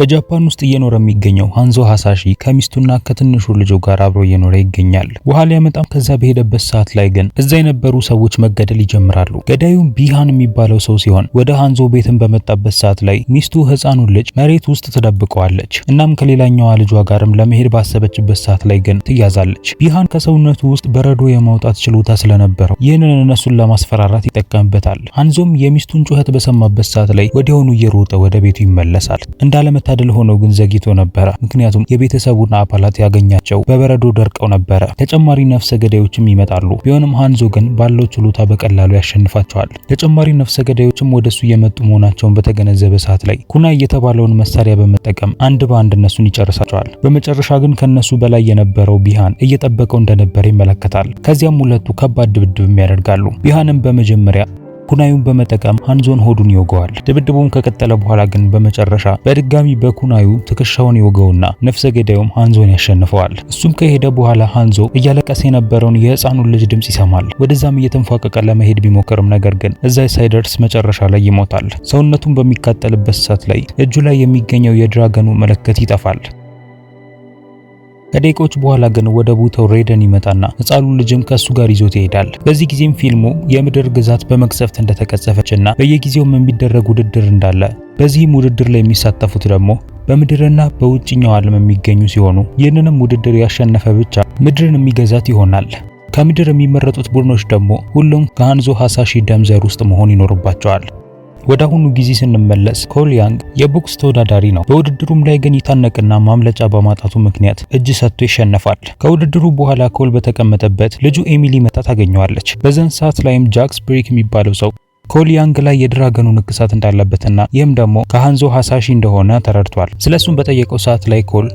በጃፓን ውስጥ እየኖረ የሚገኘው ሃንዞ ሃሳሺ ከሚስቱና ከትንሹ ልጁ ጋር አብሮ እየኖረ ይገኛል። ውሃ ሊያመጣም ከዛ በሄደበት ሰዓት ላይ ግን እዛ የነበሩ ሰዎች መገደል ይጀምራሉ። ገዳዩም ቢሃን የሚባለው ሰው ሲሆን ወደ ሃንዞ ቤትን በመጣበት ሰዓት ላይ ሚስቱ ህፃኑን ልጅ መሬት ውስጥ ትደብቀዋለች። እናም ከሌላኛዋ ልጇ ጋርም ለመሄድ ባሰበችበት ሰዓት ላይ ግን ትያዛለች። ቢሃን ከሰውነቱ ውስጥ በረዶ የማውጣት ችሎታ ስለነበረው ይህንን እነሱን ለማስፈራራት ይጠቀምበታል። ሃንዞም የሚስቱን ጩኸት በሰማበት ሰዓት ላይ ወዲያውኑ እየሮጠ ወደ ቤቱ ይመለሳል። እንዳለመ ተድል ሆኖ ግን ዘግይቶ ነበረ። ምክንያቱም የቤተሰቡን አባላት ያገኛቸው በበረዶ ደርቀው ነበረ። ተጨማሪ ነፍሰ ገዳዮችም ይመጣሉ። ቢሆንም ሃንዞ ግን ባለው ችሎታ በቀላሉ ያሸንፋቸዋል። ተጨማሪ ነፍሰ ገዳዮችም ወደሱ የመጡ መሆናቸውን በተገነዘበ ሰዓት ላይ ኩና የተባለውን መሳሪያ በመጠቀም አንድ በአንድ እነሱን ይጨርሳቸዋል። በመጨረሻ ግን ከነሱ በላይ የነበረው ቢሃን እየጠበቀው እንደነበረ ይመለከታል። ከዚያም ሁለቱ ከባድ ድብድብም ያደርጋሉ። ቢሃንም በመጀመሪያ ኩናዩን በመጠቀም ሃንዞን ሆዱን ይወገዋል። ድብድቡም ከቀጠለ በኋላ ግን በመጨረሻ በድጋሚ በኩናዩ ትከሻውን ይወገውና ነፍሰ ገዳዩም ሃንዞን ያሸንፈዋል። እሱም ከሄደ በኋላ ሃንዞ እያለቀሰ የነበረውን የህፃኑን ልጅ ድምጽ ይሰማል። ወደዛም እየተንፏቀቀ ለመሄድ ቢሞክርም ነገር ግን እዛ ሳይደርስ መጨረሻ ላይ ይሞታል። ሰውነቱን በሚቃጠልበት ሰዓት ላይ እጁ ላይ የሚገኘው የድራገኑ መለከት ይጠፋል። ከደቂቆች በኋላ ግን ወደ ቦታው ሬደን ይመጣና ህፃኑን ልጅም ከሱ ጋር ይዞት ይሄዳል። በዚህ ጊዜም ፊልሙ የምድር ግዛት በመቅሰፍት እንደተቀሰፈችና በየጊዜውም የሚደረግ ውድድር እንዳለ፣ በዚህም ውድድር ላይ የሚሳተፉት ደግሞ በምድርና በውጭኛው ዓለም የሚገኙ ሲሆኑ ይህንንም ውድድር ያሸነፈ ብቻ ምድርን የሚገዛት ይሆናል። ከምድር የሚመረጡት ቡድኖች ደግሞ ሁሉም ከሃንዞ ሃሳሺ ደምዘር ውስጥ መሆን ይኖርባቸዋል። ወደ አሁኑ ጊዜ ስንመለስ ኮል ያንግ የቦክስ ተወዳዳሪ ነው። በውድድሩም ላይ ግን ይታነቅና ማምለጫ በማጣቱ ምክንያት እጅ ሰጥቶ ይሸነፋል። ከውድድሩ በኋላ ኮል በተቀመጠበት ልጁ ኤሚሊ መጣ ታገኘዋለች። በዘን ሰዓት ላይም ጃክስ ብሬክ የሚባለው ሰው ኮል ያንግ ላይ የድራገኑ ንቅሳት እንዳለበትና ይህም ደግሞ ከሃንዞ ሃሳሺ እንደሆነ ተረድቷል። ስለሱም በጠየቀው ሰዓት ላይ ኮል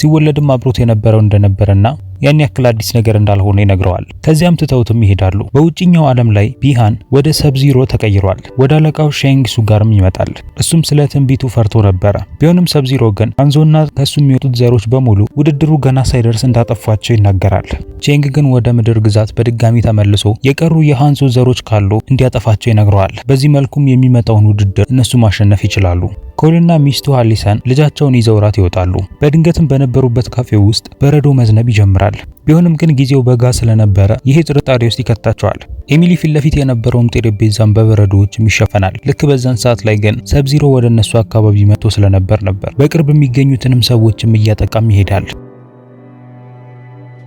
ሲወለድም አብሮት የነበረው እንደነበረና ያን ያክል አዲስ ነገር እንዳልሆነ ይነግረዋል። ከዚያም ትተውትም ይሄዳሉ። በውጭኛው ዓለም ላይ ቢሃን ወደ ሰብዚሮ ተቀይሯል። ወደ አለቃው ሼንግሱ ጋርም ይመጣል። እሱም ስለ ትንቢቱ ፈርቶ ነበረ። ቢሆንም ሰብዚሮ ግን አንዞና ከሱ የሚወጡት ዘሮች በሙሉ ውድድሩ ገና ሳይደርስ እንዳጠፏቸው ይናገራል። ቼንግ ግን ወደ ምድር ግዛት በድጋሚ ተመልሶ የቀሩ የሃንዞ ዘሮች ካሉ እንዲያጠፋቸው ይነግረዋል። በዚህ መልኩም የሚመጣውን ውድድር እነሱ ማሸነፍ ይችላሉ። ኮልና ሚስቱ አሊሰን ልጃቸውን ይዘው ይወጣሉ። በድንገትም በነበሩበት ካፌ ውስጥ በረዶ መዝነብ ይጀምራል። ቢሆንም ግን ጊዜው በጋ ስለነበረ ይሄ ጥርጣሬ ውስጥ ይከታቸዋል። ኤሚሊ ፊት ለፊት የነበረውም ጠረጴዛም በበረዶዎች ይሸፈናል። ልክ በዛን ሰዓት ላይ ግን ሰብዚሮ ወደ እነሱ አካባቢ መጥቶ ስለነበር ነበር በቅርብ የሚገኙትንም ሰዎችም እያጠቃም ይሄዳል።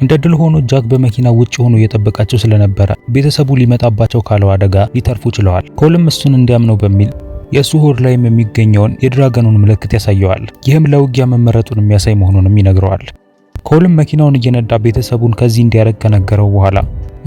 እንደ ድል ሆኖ ጃክ በመኪና ውጭ ሆኖ እየጠበቃቸው ስለነበረ ቤተሰቡ ሊመጣባቸው ካለው አደጋ ሊተርፉ ችለዋል። ኮልም እሱን እንዲያምነው በሚል የሱሆር ላይም የሚገኘውን የድራገኑን ምልክት ያሳየዋል። ይህም ለውጊያ መመረጡን የሚያሳይ መሆኑንም ይነግረዋል። ኮልም መኪናውን እየነዳ ቤተሰቡን ከዚህ እንዲያረግ ከነገረው በኋላ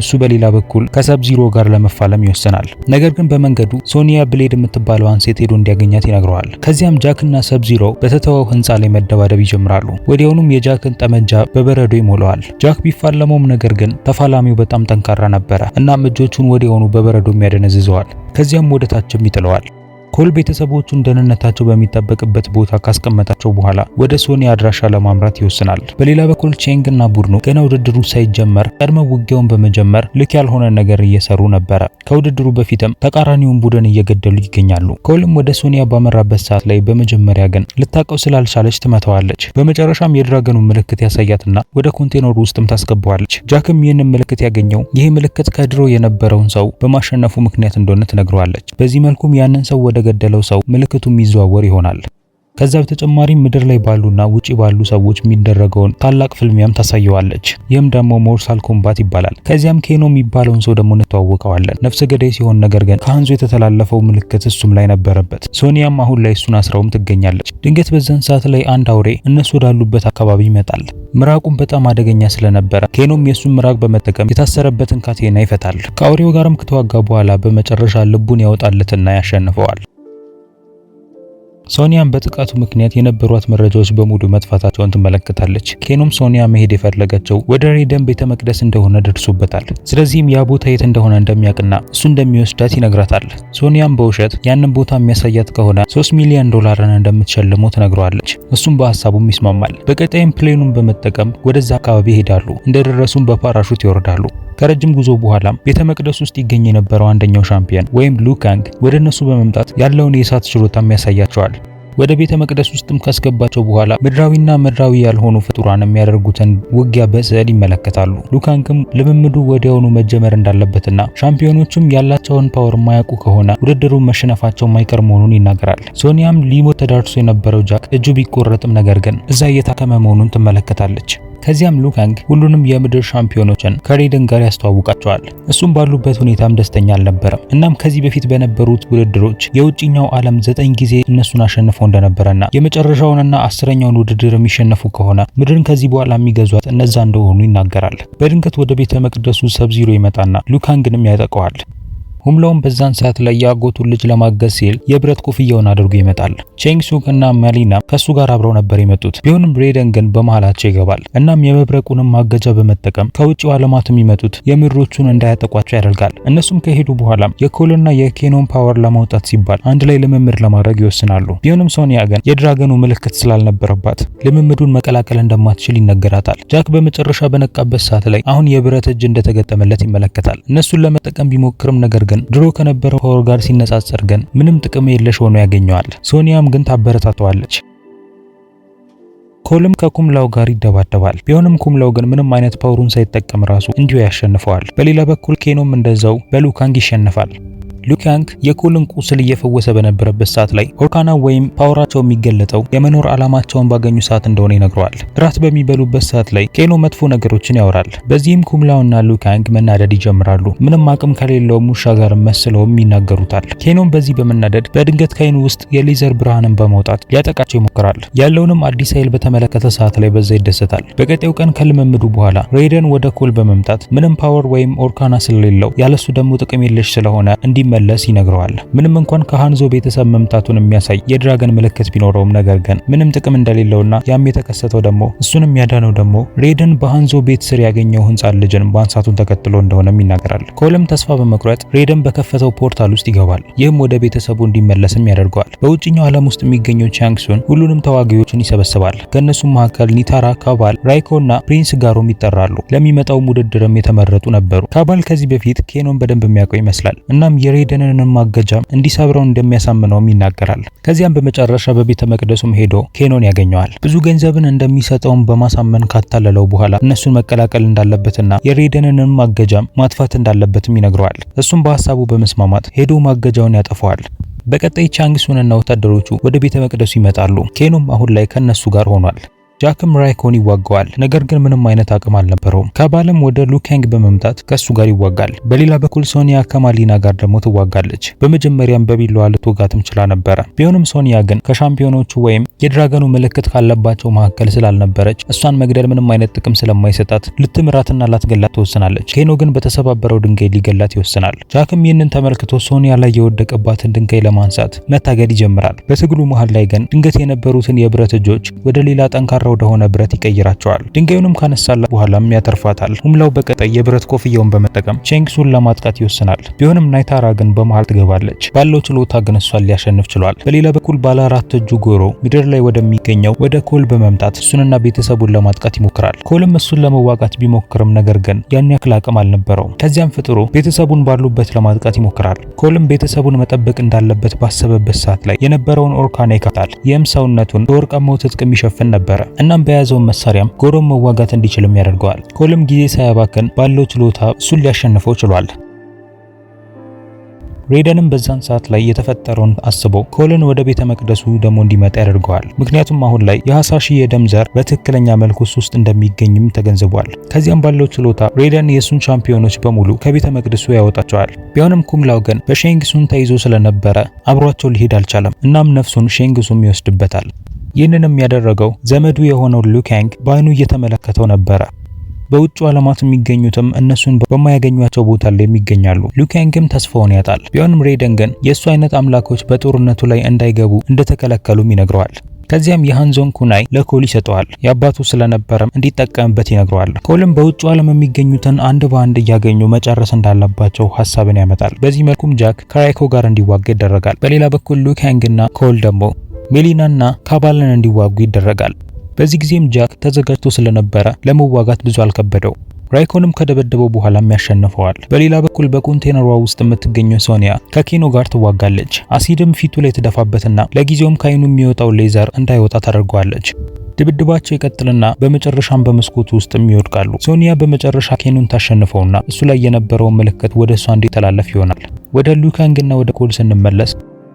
እሱ በሌላ በኩል ከሰብ ዚሮ ጋር ለመፋለም ይወሰናል። ነገር ግን በመንገዱ ሶኒያ ብሌድ የምትባለዋን ሴት ሄዶ እንዲያገኛት ይነግረዋል። ከዚያም ጃክና ሰብ ዚሮ በተተወው ህንፃ ላይ መደባደብ ይጀምራሉ። ወዲያውኑም የጃክን ጠመንጃ በበረዶ ይሞለዋል። ጃክ ቢፋለመውም፣ ነገር ግን ተፋላሚው በጣም ጠንካራ ነበረ። እናም እጆቹን ወዲያውኑ በበረዶ ያደነዝዘዋል። ከዚያም ወደ ታችም ይጥለዋል። ኮል ቤተሰቦቹን ደህንነታቸው በሚጠበቅበት ቦታ ካስቀመጣቸው በኋላ ወደ ሶኒ አድራሻ ለማምራት ይወስናል። በሌላ በኩል ቼንግ እና ቡድኑ ገና ውድድሩ ሳይጀመር ቀድመው ውጊያውን በመጀመር ልክ ያልሆነ ነገር እየሰሩ ነበረ። ከውድድሩ በፊትም ተቃራኒውን ቡድን እየገደሉ ይገኛሉ። ኮልም ወደ ሶኒያ ባመራበት ሰዓት ላይ በመጀመሪያ ግን ልታቀው ስላልቻለች ትመታዋለች። በመጨረሻም የድራገኑ ምልክት ያሳያትና ወደ ኮንቴነሩ ውስጥም ታስገባዋለች። ጃክም ይህንን ምልክት ያገኘው ይህ ምልክት ከድሮ የነበረውን ሰው በማሸነፉ ምክንያት እንደሆነ ትነግረዋለች። በዚህ መልኩም ያንን ሰው ወደ ለተገደለው ሰው ምልክቱ የሚዘዋወር ይሆናል። ከዛ በተጨማሪም ምድር ላይ ባሉና ውጪ ባሉ ሰዎች የሚደረገውን ታላቅ ፍልሚያም ታሳየዋለች። ይህም ደግሞ ሞርታል ኮምባት ይባላል። ከዚያም ኬኖ የሚባለውን ሰው ደግሞ እንተዋወቀዋለን። ነፍሰ ገዳይ ሲሆን ነገር ግን ከአንዙ የተተላለፈው ምልክት እሱም ላይ ነበረበት። ሶኒያም አሁን ላይ እሱን አስራውም ትገኛለች። ድንገት በዛን ሰዓት ላይ አንድ አውሬ እነሱ ወዳሉበት አካባቢ ይመጣል። ምራቁም በጣም አደገኛ ስለነበረ ኬኖም የእሱን ምራቅ በመጠቀም የታሰረበትን ካቴና ይፈታል። ከአውሬው ጋርም ከተዋጋ በኋላ በመጨረሻ ልቡን ያወጣለትና ያሸንፈዋል። ሶኒያም በጥቃቱ ምክንያት የነበሯት መረጃዎች በሙሉ መጥፋታቸውን ትመለከታለች። ኬኑም ሶኒያ መሄድ የፈለገችው ወደ ሬደን ቤተ መቅደስ እንደሆነ ደርሶበታል። ስለዚህም ያ ቦታ የት እንደሆነ እንደሚያውቅና እሱ እንደሚወስዳት ይነግራታል። ሶኒያም በውሸት ያንን ቦታ የሚያሳያት ከሆነ 3 ሚሊዮን ዶላርን እንደምትሸልሞ ትነግረዋለች። እሱም በሀሳቡም ይስማማል። በቀጣይም ፕሌኑን በመጠቀም ወደዛ አካባቢ ይሄዳሉ። እንደደረሱም በፓራሹት ይወርዳሉ። ከረጅም ጉዞ በኋላም ቤተ መቅደስ ውስጥ ይገኝ የነበረው አንደኛው ሻምፒየን ወይም ሉካንግ ወደ እነሱ በመምጣት ያለውን የእሳት ችሎታም ያሳያቸዋል። ወደ ቤተ መቅደስ ውስጥም ካስገባቸው በኋላ ምድራዊና ምድራዊ ያልሆኑ ፍጡራን የሚያደርጉትን ውጊያ በስዕል ይመለከታሉ። ሉካንግም ልምምዱ ወዲያውኑ መጀመር እንዳለበትና ሻምፒዮኖቹም ያላቸውን ፓወር ማያውቁ ከሆነ ውድድሩ መሸነፋቸው ማይቀር መሆኑን ይናገራል። ሶኒያም ሊሞት ተዳርሶ የነበረው ጃክ እጁ ቢቆረጥም ነገር ግን እዛ እየታከመ መሆኑን ትመለከታለች። ከዚያም ሉካንግ ሁሉንም የምድር ሻምፒዮኖችን ከሬደን ጋር ያስተዋውቃቸዋል። እሱም ባሉበት ሁኔታም ደስተኛ አልነበረም። እናም ከዚህ በፊት በነበሩት ውድድሮች የውጭኛው ዓለም ዘጠኝ ጊዜ እነሱን አሸንፎ እንደነበረና የመጨረሻውንና አስረኛውን ውድድር የሚሸነፉ ከሆነ ምድርን ከዚህ በኋላ የሚገዟት እነዛ እንደሆኑ ይናገራል። በድንገት ወደ ቤተ መቅደሱ ሰብዚሮ ይመጣና ሉካንግንም ያጠቀዋል። ሁምለውም በዛን ሰዓት ላይ የአጎቱን ልጅ ለማገዝ ሲል የብረት ኮፍያውን አድርጎ ይመጣል። ቼንግሱክ እና መሊና ከሱ ጋር አብረው ነበር የመጡት ቢሆንም ሬደን ግን በመሃላቸው ይገባል። እናም የመብረቁንም ማገጃ በመጠቀም ከውጭው ዓለማት የሚመጡት የምድሮቹን እንዳያጠቋቸው ያደርጋል። እነሱም ከሄዱ በኋላ የኮልና የኬኖን ፓወር ለማውጣት ሲባል አንድ ላይ ልምምድ ለማድረግ ይወስናሉ። ቢሆንም ሶኒያ ግን የድራገኑ ምልክት ስላልነበረባት ልምምዱን መቀላቀል እንደማትችል ይነገራታል። ጃክ በመጨረሻ በነቃበት ሰዓት ላይ አሁን የብረት እጅ እንደተገጠመለት ይመለከታል። እነሱን ለመጠቀም ቢሞክርም ነገር ግን ድሮ ከነበረው ፓወር ጋር ሲነጻጸር ግን ምንም ጥቅም የለሽ ሆኖ ያገኘዋል። ሶኒያም ግን ታበረታተዋለች። ኮልም ከኩምላው ጋር ይደባደባል። ቢሆንም ኩምላው ግን ምንም አይነት ፓወሩን ሳይጠቀም ራሱ እንዲሁ ያሸንፈዋል። በሌላ በኩል ኬኖም እንደዛው በሉካንግ ይሸንፋል። ሉኪያንግ የኩልን ቁስል እየፈወሰ በነበረበት ሰዓት ላይ ኦርካና ወይም ፓወራቸው የሚገለጠው የመኖር ዓላማቸውን ባገኙ ሰዓት እንደሆነ ይነግረዋል። እራት በሚበሉበት ሰዓት ላይ ኬኖ መጥፎ ነገሮችን ያወራል። በዚህም ኩምላውና ሉኪያንግ መናደድ ይጀምራሉ። ምንም አቅም ከሌለው ውሻ ጋር መስለውም ይናገሩታል። ኬኖም በዚህ በመናደድ በድንገት ከአይኑ ውስጥ የሌዘር ብርሃንን በማውጣት ሊያጠቃቸው ይሞክራል። ያለውንም አዲስ ኃይል በተመለከተ ሰዓት ላይ በዛ ይደሰታል። በቀጤው ቀን ከልምምዱ በኋላ ሬደን ወደ ኮል በመምጣት ምንም ፓወር ወይም ኦርካና ስለሌለው ያለሱ ደግሞ ጥቅም የለሽ ስለሆነ እንዲ እንዲመለስ ይነግረዋል። ምንም እንኳን ከሃንዞ ቤተሰብ መምጣቱን የሚያሳይ የድራገን ምልክት ቢኖረውም ነገር ግን ምንም ጥቅም እንደሌለውና ያም የተከሰተው ደግሞ እሱን የሚያዳነው ደግሞ ሬድን በሃንዞ ቤት ስር ያገኘው ህንፃ ልጅን ማንሳቱን ተከትሎ እንደሆነም ይናገራል። ከሁለም ተስፋ በመቁረጥ ሬድን በከፈተው ፖርታል ውስጥ ይገባል። ይህም ወደ ቤተሰቡ እንዲመለስም ያደርገዋል። በውጭኛው ዓለም ውስጥ የሚገኘው ቻንግሱን ሁሉንም ተዋጊዎችን ይሰበስባል። ከእነሱም መካከል ኒታራ፣ ካባል፣ ራይኮና ፕሪንስ ጋሮም ይጠራሉ። ለሚመጣውም ውድድርም የተመረጡ ነበሩ። ካባል ከዚህ በፊት ኬኖን በደንብ የሚያውቀው ይመስላል። እናም የሬድ የሬደንንም ማገጃ እንዲሰብረው እንደሚያሳምነውም ይናገራል። ከዚያም በመጨረሻ በቤተ መቅደሱም ሄዶ ኬኖን ያገኘዋል። ብዙ ገንዘብን እንደሚሰጠውም በማሳመን ካታለለው በኋላ እነሱን መቀላቀል እንዳለበትና የሬደንንም ማገጃም ማጥፋት እንዳለበትም ይነግረዋል። እሱም በሀሳቡ በመስማማት ሄዶ ማገጃውን ያጠፈዋል። በቀጣይ ቻንግሱንና ወታደሮቹ ወደ ቤተ መቅደሱ ይመጣሉ። ኬኖም አሁን ላይ ከነሱ ጋር ሆኗል። ጃክም ራይኮን ይዋጋዋል። ነገር ግን ምንም አይነት አቅም አልነበረውም። ከባለም ወደ ሉካንግ በመምጣት ከሱ ጋር ይዋጋል። በሌላ በኩል ሶኒያ ከማሊና ጋር ደግሞ ትዋጋለች። በመጀመሪያም በቢላዋ ልትወጋትም ችላ ነበረ። ቢሆንም ሶኒያ ግን ከሻምፒዮኖቹ ወይም የድራገኑ ምልክት ካለባቸው መካከል ስላልነበረች እሷን መግደል ምንም አይነት ጥቅም ስለማይሰጣት ልትምራትና ላትገላት ትወስናለች። ኬኖ ግን በተሰባበረው ድንጋይ ሊገላት ይወስናል። ጃክም ይህንን ተመልክቶ ሶኒያ ላይ የወደቀባትን ድንጋይ ለማንሳት መታገድ ይጀምራል። በትግሉ መሃል ላይ ግን ድንገት የነበሩትን የብረት እጆች ወደ ሌላ ጠንካራ ወደሆነ ብረት ይቀይራቸዋል። ድንጋዩንም ካነሳላት በኋላም ያተርፋታል። ሁምላው በቀጣይ የብረት ኮፍያውን በመጠቀም ቼንግሱን ለማጥቃት ይወስናል። ቢሆንም ናይታራ ግን በመሃል ትገባለች። ባለው ችሎታ ግን እሷን ሊያሸንፍ ችሏል። በሌላ በኩል ባለ አራት እጁ ጎሮ ምድር ላይ ወደሚገኘው ወደ ኮል በመምጣት እሱንና ቤተሰቡን ለማጥቃት ይሞክራል። ኮልም እሱን ለመዋጋት ቢሞክርም ነገር ግን ያን ያክል አቅም አልነበረውም። ከዚያም ፍጥሮ ቤተሰቡን ባሉበት ለማጥቃት ይሞክራል። ኮልም ቤተሰቡን መጠበቅ እንዳለበት ባሰበበት ሰዓት ላይ የነበረውን ኦርካና ይካታል። ይህም ሰውነቱን በወርቃማው ትጥቅ የሚሸፍን ነበረ። እናም በያዘውን መሳሪያም ጎሮን መዋጋት እንዲችልም ያደርገዋል። ኮልም ጊዜ ሳያባክን ባለው ችሎታ እሱን ሊያሸንፈው ችሏል። ሬደንም በዛን ሰዓት ላይ የተፈጠረውን አስቦ ኮልን ወደ ቤተ መቅደሱ ደግሞ እንዲመጣ ያደርገዋል። ምክንያቱም አሁን ላይ የሐሳሺ የደም ዘር በትክክለኛ መልኩ እሱ ውስጥ እንደሚገኝም ተገንዝቧል። ከዚያም ባለው ችሎታ ሬደን የእሱን ሻምፒዮኖች በሙሉ ከቤተ መቅደሱ ያወጣቸዋል። ቢሆንም ኩምላው ግን በሼንግሱን ተይዞ ስለነበረ አብሯቸው ሊሄድ አልቻለም። እናም ነፍሱን ሼንግሱም ይወስድበታል። ይህንንም ያደረገው ዘመዱ የሆነው ሉካንግ በአይኑ እየተመለከተው ነበረ። በውጭ ዓለማት የሚገኙትም እነሱን በማያገኟቸው ቦታ ላይ የሚገኛሉ። ሉካንግም ተስፋውን ያጣል። ቢሆንም ሬደን ግን የእሱ አይነት አምላኮች በጦርነቱ ላይ እንዳይገቡ እንደተከለከሉም ይነግረዋል። ከዚያም የሃንዞን ኩናይ ለኮል ይሰጠዋል። የአባቱ ስለነበረም እንዲጠቀምበት ይነግረዋል። ኮልም በውጭ ዓለም የሚገኙትን አንድ በአንድ እያገኙ መጨረስ እንዳለባቸው ሀሳብን ያመጣል። በዚህ መልኩም ጃክ ከራይኮ ጋር እንዲዋጋ ይደረጋል። በሌላ በኩል ሉካንግና ኮል ደግሞ ሜሊናና ካባልን እንዲዋጉ ይደረጋል። በዚህ ጊዜም ጃክ ተዘጋጅቶ ስለነበረ ለመዋጋት ብዙ አልከበደው። ራይኮንም ከደበደበው በኋላም ያሸንፈዋል። በሌላ በኩል በኮንቴነሯ ውስጥ የምትገኘው ሶኒያ ከኬኖ ጋር ትዋጋለች። አሲድም ፊቱ ላይ ትደፋበትና ለጊዜውም ከአይኑ የሚወጣው ሌዘር እንዳይወጣ ታደርገዋለች። ድብድባቸው ይቀጥልና በመጨረሻም በመስኮቱ ውስጥም ይወድቃሉ። ሶኒያ በመጨረሻ ኬኑን ታሸንፈውና እሱ ላይ የነበረውን ምልክት ወደ እሷ እንዲተላለፍ ይሆናል። ወደ ሉካንግና ወደ ኮል ስንመለስ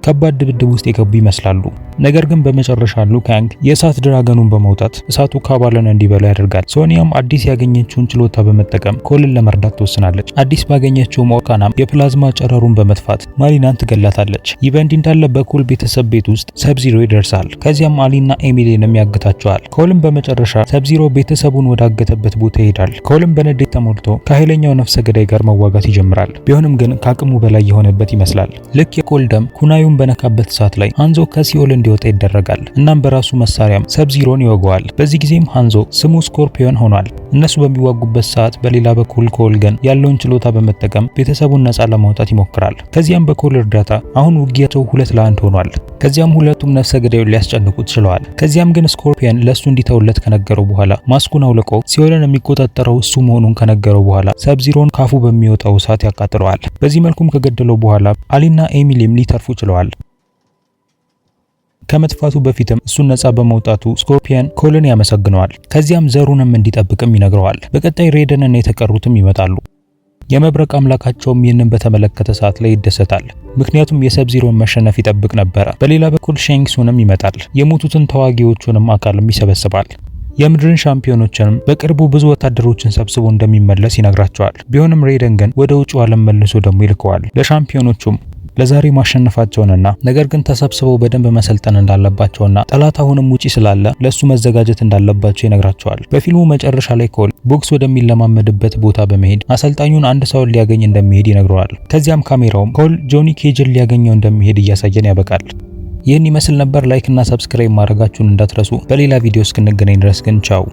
ከባድ ድብድብ ውስጥ የገቡ ይመስላሉ። ነገር ግን በመጨረሻ ሉካንግ የእሳት ድራገኑን በመውጣት እሳቱ ካባለን እንዲበላ ያደርጋል። ሶኒያም አዲስ ያገኘችውን ችሎታ በመጠቀም ኮልን ለመርዳት ትወስናለች። አዲስ ባገኘችው ሞርጋናም የፕላዝማ ጨረሩን በመጥፋት ማሊናን ትገላታለች። ይህ በእንዲህ እንዳለ በኮል ቤተሰብ ቤት ውስጥ ሰብዚሮ ይደርሳል። ከዚያም አሊና ኤሚሊንም ያግታቸዋል። ኮልም በመጨረሻ ሰብዚሮ ቤተሰቡን ወዳገተበት ቦታ ይሄዳል። ኮልም በንዴት ተሞልቶ ከኃይለኛው ነፍሰ ገዳይ ጋር መዋጋት ይጀምራል። ቢሆንም ግን ከአቅሙ በላይ የሆነበት ይመስላል። ልክ የኮል ደም ኩናዩን እጁን በነካበት ሰዓት ላይ ሃንዞ ከሲኦል እንዲወጣ ይደረጋል። እናም በራሱ መሳሪያም ሰብዚሮን ይወገዋል። በዚህ ጊዜም ሃንዞ ስሙ ስኮርፒዮን ሆኗል። እነሱ በሚዋጉበት ሰዓት በሌላ በኩል ኮል ያለውን ችሎታ በመጠቀም ቤተሰቡን ነፃ ለማውጣት ይሞክራል። ከዚያም በኮል እርዳታ አሁን ውጊያቸው ሁለት ለአንድ ሆኗል። ከዚያም ሁለቱም ነፍሰ ገዳዩን ሊያስጨንቁት ችለዋል። ከዚያም ግን ስኮርፒየን ለእሱ እንዲተውለት ከነገረው በኋላ ማስኩን አውልቆ ሲኦልን የሚቆጣጠረው እሱ መሆኑን ከነገረው በኋላ ሰብዚሮን ካፉ በሚወጣው እሳት ያቃጥለዋል። በዚህ መልኩም ከገደለው በኋላ አሊና ኤሚሊም ሊተርፉ ችለዋል። ከመጥፋቱ በፊትም እሱን ነጻ በመውጣቱ ስኮርፒየን ኮልን ያመሰግነዋል። ከዚያም ዘሩንም እንዲጠብቅም ይነግረዋል። በቀጣይ እና የተቀሩትም ይመጣሉ። የመብረቅ አምላካቸውም ይህንን በተመለከተ ሰዓት ላይ ይደሰታል። ምክንያቱም የሰብዚሮን መሸነፍ ይጠብቅ ነበረ። በሌላ በኩል ሼንግሱንም ይመጣል። የሞቱትን ተዋጊዎቹንም አካልም ይሰበስባል። የምድርን ሻምፒዮኖችንም በቅርቡ ብዙ ወታደሮችን ሰብስቦ እንደሚመለስ ይነግራቸዋል። ቢሆንም ሬደን ግን ወደ ውጭው ዓለም መልሶ ደግሞ ይልከዋል። ለሻምፒዮኖቹም ለዛሬ ማሸነፋቸውንና ነገር ግን ተሰብስበው በደንብ መሰልጠን እንዳለባቸውና ጠላት አሁንም ውጪ ስላለ ለሱ መዘጋጀት እንዳለባቸው ይነግራቸዋል። በፊልሙ መጨረሻ ላይ ኮል ቦክስ ወደሚለማመድበት ቦታ በመሄድ አሰልጣኙን አንድ ሰውን ሊያገኝ እንደሚሄድ ይነግረዋል። ከዚያም ካሜራውም ኮል ጆኒ ኬጅን ሊያገኘው እንደሚሄድ እያሳየን ያበቃል። ይህን ይመስል ነበር። ላይክ እና ሰብስክራይብ ማድረጋችሁን እንዳትረሱ። በሌላ ቪዲዮ እስክንገናኝ ድረስ ግን ቻው።